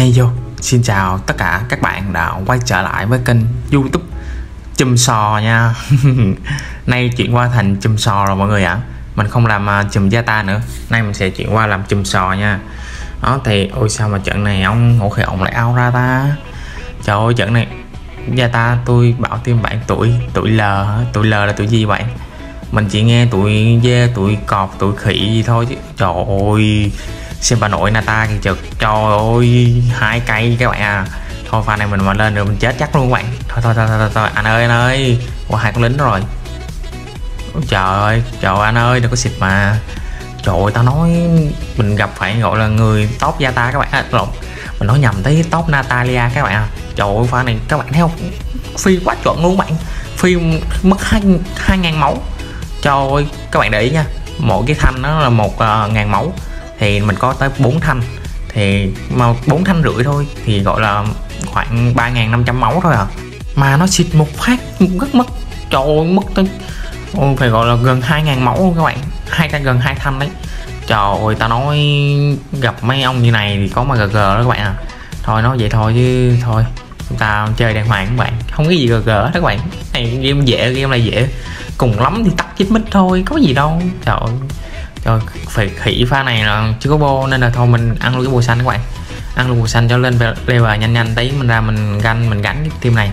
hay vô xin chào tất cả các bạn đã quay trở lại với kênh youtube chùm sò nha nay chuyển qua thành chùm sò rồi mọi người ạ à. mình không làm à, chùm gia ta nữa nay mình sẽ chuyển qua làm chùm sò nha đó thì ôi sao mà trận này ông ngủ khi ông lại ao ra ta trời ơi trận này gia ta tôi bảo tim bạn tuổi tuổi l tuổi l là tuổi gì bạn mình chỉ nghe tuổi dê tuổi cọp tuổi khỉ gì thôi chứ trời ơi xem bà nội nata kìa chực trời ơi hai cây các bạn à thôi pha này mình mà lên rồi mình chết chắc luôn các bạn thôi thôi thôi thôi, thôi, thôi. anh ơi anh ơi qua hai con lính rồi Ôi, trời ơi trời ơi, anh ơi đừng có xịt mà trời ơi tao nói mình gặp phải gọi là người top gia ta các bạn à, lộn mình nói nhầm tới top natalia các bạn à trời ơi pha này các bạn thấy không phi quá chuẩn luôn các bạn phi mất hai hai ngàn máu trời ơi các bạn để ý nha mỗi cái thanh nó là một uh, ngàn máu thì mình có tới 4 thanh thì mà bốn thanh rưỡi thôi thì gọi là khoảng 3.500 máu thôi à mà nó xịt một phát rất mất trời ơi, mất tới Ôi, phải gọi là gần 2.000 máu các bạn hai ta gần hai thanh đấy trời ơi ta nói gặp mấy ông như này thì có mà gờ gờ đó các bạn à thôi nói vậy thôi chứ thôi chúng ta chơi đàng hoàng các bạn không có gì gờ gờ đó các bạn này game dễ game này dễ cùng lắm thì tắt chết mít thôi có gì đâu trời ơi rồi ờ, phải khỉ pha này là chưa có bô nên là thôi mình ăn luôn cái bùa xanh các bạn ăn luôn bùa xanh cho lên level nhanh nhanh tí mình ra mình ganh mình gánh cái team này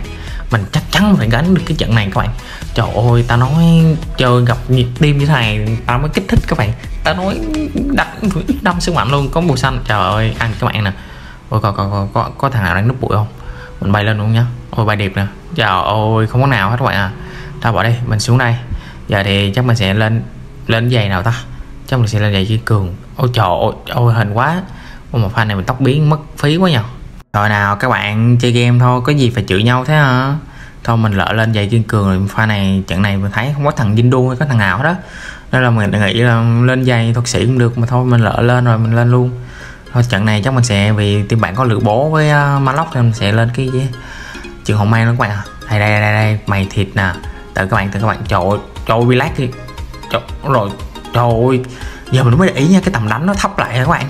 mình chắc chắn phải gánh được cái trận này các bạn trời ơi ta nói chơi gặp nhiệt tim như thế này ta mới kích thích các bạn ta nói đặt đâm sức mạnh luôn có bùa xanh trời ơi ăn các bạn nè ôi có, có, có, có, có thằng nào đang núp bụi không mình bay lên luôn nhá ôi bay đẹp nè trời ơi không có nào hết các bạn à tao bỏ đi mình xuống đây giờ thì chắc mình sẽ lên lên giày nào ta trong mình sẽ là vậy chỉ cường ôi trời ôi, ôi hình quá ôi mà fan này mình tóc biến mất phí quá nhờ rồi nào các bạn chơi game thôi có gì phải chửi nhau thế hả thôi mình lỡ lên giày kiên cường rồi pha này trận này mình thấy không có thằng dinh đu hay có thằng nào đó nên là mình nghĩ là lên giày thuật sĩ cũng được mà thôi mình lỡ lên rồi mình lên luôn thôi trận này chắc mình sẽ vì team bạn có lựa bố với uh, à, maloc thì mình sẽ lên cái gì trường hồng may đó các bạn à đây đây đây đây mày thịt nè tự các bạn tự các bạn trời ơi trời ơi relax đi trời rồi trời ơi giờ mình mới để ý nha cái tầm đánh nó thấp lại các bạn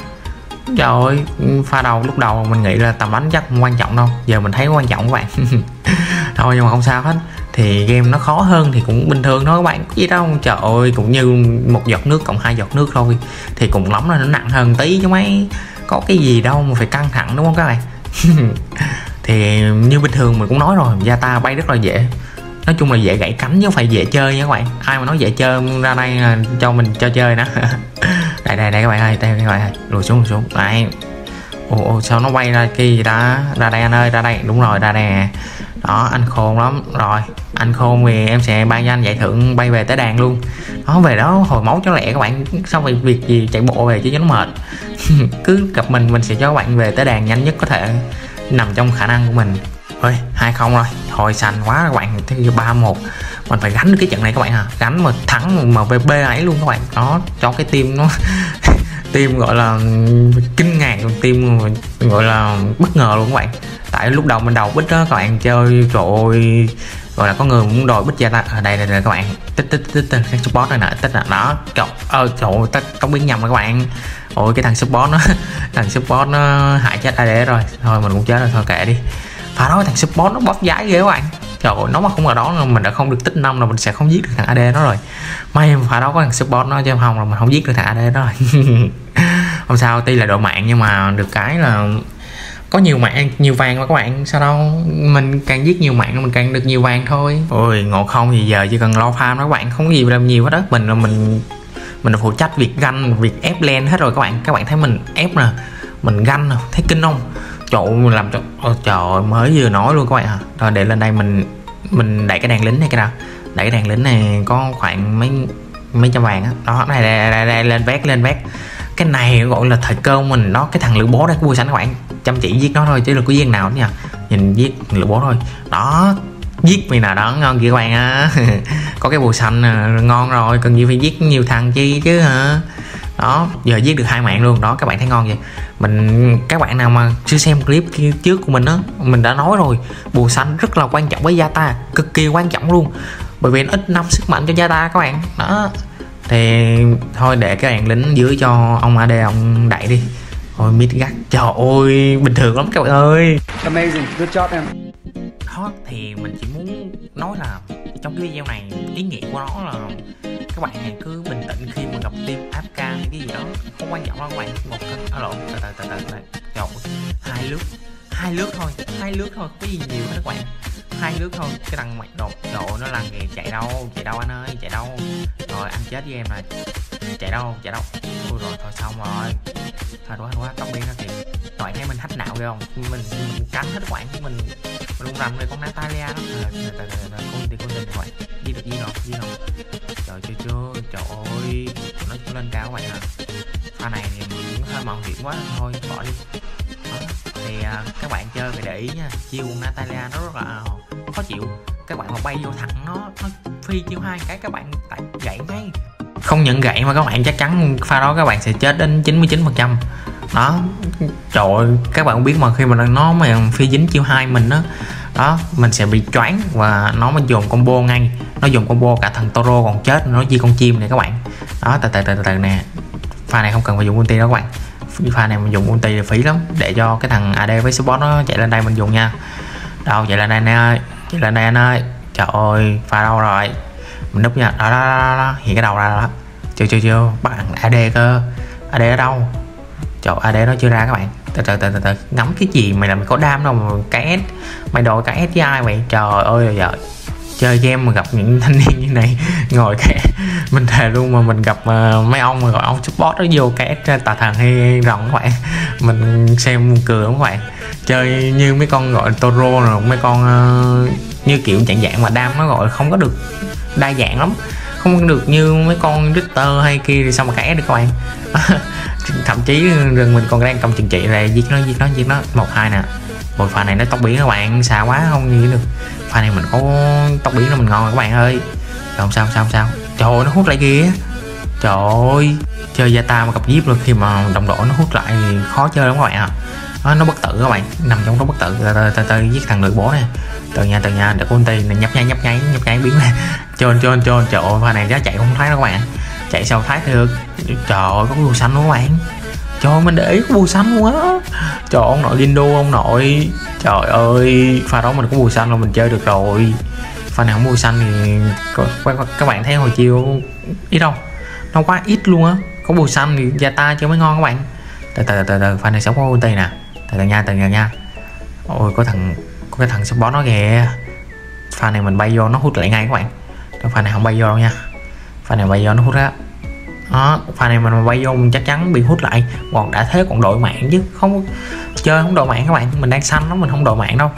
ừ. trời ơi pha đầu lúc đầu mình nghĩ là tầm đánh chắc không quan trọng đâu giờ mình thấy quan trọng các bạn thôi nhưng mà không sao hết thì game nó khó hơn thì cũng bình thường thôi các bạn gì đâu trời ơi cũng như một giọt nước cộng hai giọt nước thôi thì cũng lắm là nó nặng hơn tí chứ mấy có cái gì đâu mà phải căng thẳng đúng không các bạn thì như bình thường mình cũng nói rồi gia ta bay rất là dễ nói chung là dễ gãy cánh chứ không phải dễ chơi nha các bạn ai mà nói dễ chơi ra đây à, cho mình cho chơi đó đây đây đây các bạn ơi đây các bạn ơi lùi xuống lùi xuống đây ồ ồ sao nó quay ra kia ta ra đây anh ơi ra đây đúng rồi ra đây nè đó anh khôn lắm rồi anh khôn thì em sẽ ban cho anh giải thưởng bay về tới đàn luôn nó về đó hồi máu cho lẹ các bạn xong rồi việc gì chạy bộ về chứ nó mệt cứ gặp mình mình sẽ cho các bạn về tới đàn nhanh nhất có thể nằm trong khả năng của mình ơi hai không rồi hồi xanh quá các bạn thì ba một mình phải gánh được cái trận này các bạn à gánh mà thắng mà mvp ấy luôn các bạn đó cho cái tim nó tim gọi là kinh ngạc tim gọi là bất ngờ luôn các bạn tại lúc đầu mình đầu bích đó các bạn chơi rồi gọi là có người muốn đòi bích ra ta ở à, đây này các bạn tích tích tích tích cái support này nè tích là đó trời ơi trời ơi ta không nhầm các bạn ôi cái thằng support nó thằng support nó hại chết ai để rồi thôi mình cũng chết rồi thôi kệ đi phải nói thằng support nó bóp giái ghê quá anh trời ơi nó mà không ở đó là mình đã không được tích năm là mình sẽ không giết được thằng AD nó rồi may mà phải đó có thằng support nó cho em không là mình không giết được thằng AD đó rồi không sao tuy là độ mạng nhưng mà được cái là có nhiều mạng nhiều vàng mà các bạn sao đâu mình càng giết nhiều mạng mình càng được nhiều vàng thôi ôi ngộ không thì giờ chỉ cần lo farm đó các bạn không có gì làm nhiều hết đó mình là mình mình phụ trách việc ganh việc ép len hết rồi các bạn các bạn thấy mình ép nè mình ganh nè thấy kinh không chỗ làm chỗ Ôi, trời mới vừa nói luôn các bạn à rồi để lên đây mình mình đẩy cái đàn lính này cái nào đẩy cái đàn lính này có khoảng mấy mấy trăm vàng á đó. đó này đây, đây, đây, lên vét lên vét cái này gọi là thời cơ mình nó cái thằng lữ bố đấy của sẵn các bạn chăm chỉ giết nó thôi chứ là có viên nào nữa nha nhìn giết lữ bố thôi đó giết mày nào đó ngon kìa các bạn á có cái bùa xanh à, ngon rồi cần gì phải giết nhiều thằng chi chứ hả đó giờ viết được hai mạng luôn đó các bạn thấy ngon vậy mình các bạn nào mà chưa xem clip trước của mình á mình đã nói rồi bù xanh rất là quan trọng với data cực kỳ quan trọng luôn bởi vì nó ít năm sức mạnh cho data các bạn đó thì thôi để các bạn lính dưới cho ông AD ông đẩy đi Ôi mít gắt trời ơi bình thường lắm các bạn ơi Amazing, good job em thoát thì mình chỉ muốn nói là trong cái video này ý nghĩa của nó là các bạn hãy cứ bình tĩnh khi mà gặp tiếp apk hay cái gì đó không quan trọng đâu các bạn một cái à, lộn từ từ từ từ nhậu hai lướt hai lướt thôi hai lướt thôi cái gì nhiều hết các bạn hai lướt thôi cái thằng mày đột độ nó là nghề chạy đâu chạy đâu anh ơi chạy đâu rồi anh chết với em này chạy đâu chạy đâu thôi rồi thôi xong rồi thôi quá quá tóc biến ra kìa rồi thấy mình hách não không mình, mình cắn hết các bạn mình mình rầm này con Natalia đó rồi rồi rồi rồi con thì con tình các bạn đi được gì rồi đi rồi chưa chưa trời ơi nó cũng lên cao vậy hả pha này thì cũng hơi mạo hiểm quá thôi bỏ đi đó. thì uh, các bạn chơi phải để ý nha chiêu Natalia nó rất là à, khó chịu các bạn mà bay vô thẳng nó nó phi chiêu hai cái các bạn tại gãy ngay không nhận gãy mà các bạn chắc chắn pha đó các bạn sẽ chết đến 99 phần trăm đó trời ơi, các bạn biết mà khi mà nó mà phi dính chiêu hai mình đó đó mình sẽ bị choáng và nó mới dùng combo ngay nó dùng combo cả thằng toro còn chết nó di con chim này các bạn đó từ từ từ từ nè pha này không cần phải dùng ulti đó các bạn pha này mình dùng ulti là phí lắm để cho cái thằng ad với support nó chạy lên đây mình dùng nha đâu chạy lên đây anh ơi chạy lên đây anh ơi trời ơi pha đâu rồi mình đúc nha đó đó, đó, đó. hiện cái đầu ra đó chưa chưa chưa bạn ad cơ ad ở đâu chỗ AD nó chưa ra các bạn từ từ từ từ, từ. ngắm cái gì mày làm mày có đam đâu mà cái S mày đòi cái STI mày trời ơi giờ chơi game mà gặp những thanh niên như này ngồi cái mình thề luôn mà mình gặp uh, mấy ông mà gọi ông support nó vô cái tà thằng hay rồng các bạn mình xem cười cười các bạn chơi như mấy con gọi toro rồi mấy con uh, như kiểu dạng dạng mà đam nó gọi không có được đa dạng lắm không được như mấy con Richter hay kia thì sao mà cãi được các bạn thậm chí rừng mình còn đang công chừng trị là giết nó giết nó giết nó một hai nè một pha này nó tóc biến các bạn xa quá không nghĩ được pha này mình có tóc biến nó mình ngon rồi các bạn ơi không sao sao sao trời ơi, nó hút lại kìa trời ơi chơi gia ta mà gặp jeep luôn khi mà đồng đội nó hút lại thì khó chơi lắm các bạn ạ à. nó bất tử các bạn nằm trong đó bất tử từ từ từ giết thằng lưỡi bố này từ nhà từ nhà để ulti này nhấp nháy nhấp nháy nhấp nháy biến lên trơn trơn trơn trời ơi pha này giá chạy không thấy đâu các bạn chạy sao thoát được trời ơi có bùa xanh không các bạn trời mình để ý có bùa xanh quá, trời ông nội gindo ông nội trời ơi pha đó mình có bùa xanh là mình chơi được rồi pha nào bùa xanh thì các bạn thấy hồi chiều ít đâu nó quá ít luôn á có bùa xanh thì gia ta chơi mới ngon các bạn từ từ từ từ pha này sống có ulti nè từ từ nha từ từ nha ôi có thằng có cái thằng sắp bó nó kìa pha này mình bay vô nó hút lại ngay các bạn pha này không bay vô đâu nha pha này bay vô nó hút á đó pha này mình quay vô mình chắc chắn bị hút lại còn đã thế còn đội mạng chứ không chơi không đội mạng các bạn mình đang xanh lắm mình không đội mạng đâu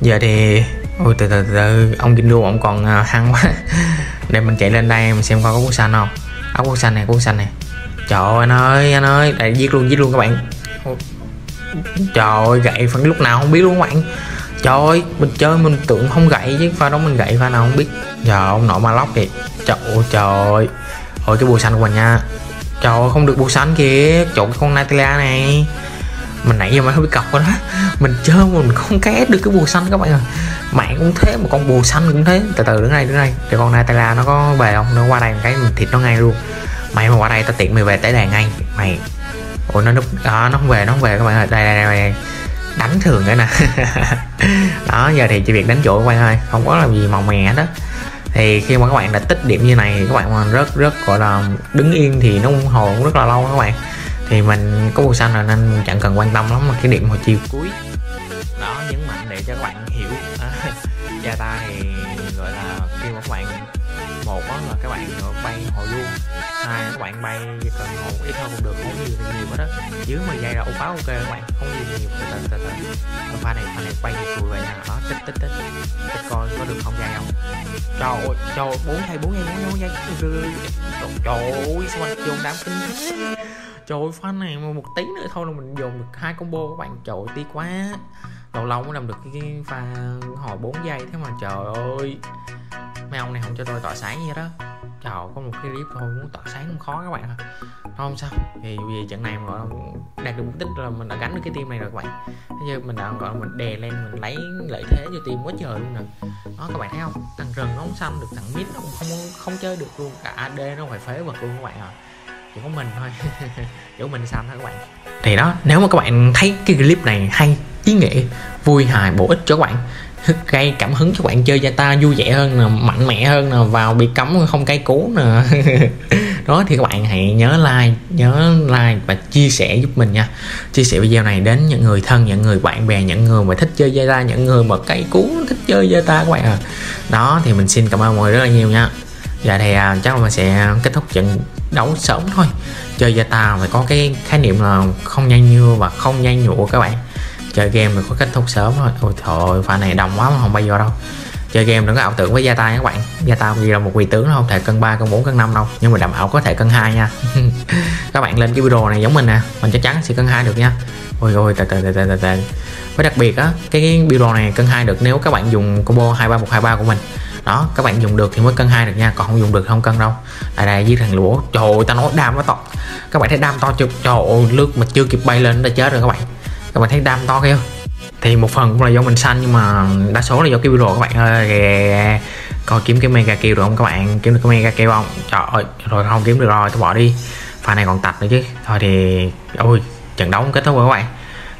giờ thì ôi từ từ, từ, ông kinh đua ông còn à, hăng quá để mình chạy lên đây mình xem coi có cuốn xanh không áo cuốn xanh này cuốn xanh này trời ơi anh ơi anh ơi đây giết luôn giết luôn các bạn trời ơi gậy phần lúc nào không biết luôn các bạn trời ơi mình chơi mình tưởng không gậy chứ pha đó mình gậy pha nào không biết giờ ông nội ma lóc kìa trời ơi trời ơi Ôi cái bùa xanh của mình nha Trời không được bùa xanh kìa Trộn con Natalia này Mình nãy giờ mới không biết cọc rồi đó Mình chơi mình không ké được cái bùa xanh các bạn ơi Mạng cũng thế mà con bùa xanh cũng thế Từ từ đứng đây đứng đây Cho con Natalia nó có về không Nó qua đây một cái mình thịt nó ngay luôn Mày mà qua đây tao tiện mày về tới đàn ngay Mày Ủa nó núp à, nó không về nó không về các bạn ơi Đây đây đây, đây. Đánh thường nữa nè Đó giờ thì chỉ việc đánh chỗ các bạn ơi Không có làm gì màu mè đó thì khi mà các bạn đã tích điểm như này thì các bạn mà rất rất gọi là đứng yên thì nó hồi cũng rất là lâu các bạn thì mình có màu xanh rồi nên chẳng cần quan tâm lắm mà cái điểm hồi chiều cuối đó nhấn mạnh để cho các bạn hiểu à, gia ta thì Ờ, à, các bạn bay hồi luôn hai các bạn bay cần ngủ ít hơn cũng được không thì nhiều quá đó dưới 10 giây là ổn ok các bạn không gì nhiều từ từ từ từ pha này pha này bay nhiều cùi vậy nè đó tích tích tích tích coi có được không dài không trời ơi trời bốn giây bốn giây bốn giây trời ơi sao anh vô đám kinh trời ơi fan này mà một tí nữa thôi là mình dùng được hai combo các bạn trời ơi tí quá lâu lâu mới làm được cái pha hồi 4 giây thế mà trời ơi mấy ông này không cho tôi tỏa sáng gì đó chào có một cái clip thôi muốn tỏa sáng cũng khó các bạn thôi không sao thì vì trận này gọi là đạt được mục đích là mình đã gánh được cái team này rồi các bạn bây giờ mình đã gọi là mình đè lên mình lấy lợi thế cho team quá trời luôn nè đó các bạn thấy không thằng rừng nó không xanh được thằng mít nó không không chơi được luôn cả ad nó phải phế vật luôn các bạn ạ à. chỉ có mình thôi chỗ mình xong thôi các bạn thì đó nếu mà các bạn thấy cái clip này hay ý nghĩa vui hài bổ ích cho các bạn gây cảm hứng cho bạn chơi gia ta vui vẻ hơn nè mạnh mẽ hơn nè vào bị cấm không cay cú nè đó thì các bạn hãy nhớ like nhớ like và chia sẻ giúp mình nha chia sẻ video này đến những người thân những người bạn bè những người mà thích chơi gia ta những người mà cay cú thích chơi gia ta các bạn à đó thì mình xin cảm ơn mọi người rất là nhiều nha dạ thì à, chắc là mình sẽ kết thúc trận đấu sớm thôi chơi gia ta phải có cái khái niệm là không nhanh như và không nhanh nhụa các bạn chơi game rồi có kết thúc sớm thôi ôi trời pha này đông quá mà không bay vô đâu chơi game đừng có ảo tưởng với gia tay các bạn gia tay gì là một vị tướng nó không thể cân 3, cân 4, cân 5 đâu nhưng mà đảm bảo có thể cân 2 nha các bạn lên cái video này giống mình nè mình chắc chắn sẽ cân 2 được nha ôi ôi tệ tệ tệ tệ tệ với đặc biệt á cái build này cân 2 được nếu các bạn dùng combo 23123 của mình đó các bạn dùng được thì mới cân hai được nha còn không dùng được không cân đâu tại đây giết thằng lũa trời ơi ta nói đam nó to các bạn thấy đam to chưa trời ơi lướt mà chưa kịp bay lên đã chết rồi các bạn các bạn thấy đam to kia thì một phần cũng là do mình xanh nhưng mà đa số là do kêu video các bạn ơi coi kiếm cái mega kêu được không các bạn kiếm được cái mega kêu không trời ơi rồi không kiếm được rồi tôi bỏ đi pha này còn tạch nữa chứ thôi thì ôi trận đấu kết thúc rồi các bạn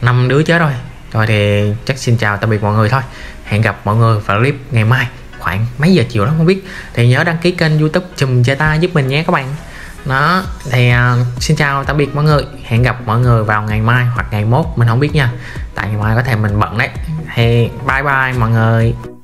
năm đứa chết rồi rồi thì chắc xin chào tạm biệt mọi người thôi hẹn gặp mọi người vào clip ngày mai khoảng mấy giờ chiều đó không biết thì nhớ đăng ký kênh youtube chùm chai ta giúp mình nhé các bạn đó thì uh, xin chào tạm biệt mọi người hẹn gặp mọi người vào ngày mai hoặc ngày mốt mình không biết nha tại ngày mai có thể mình bận đấy thì bye bye mọi người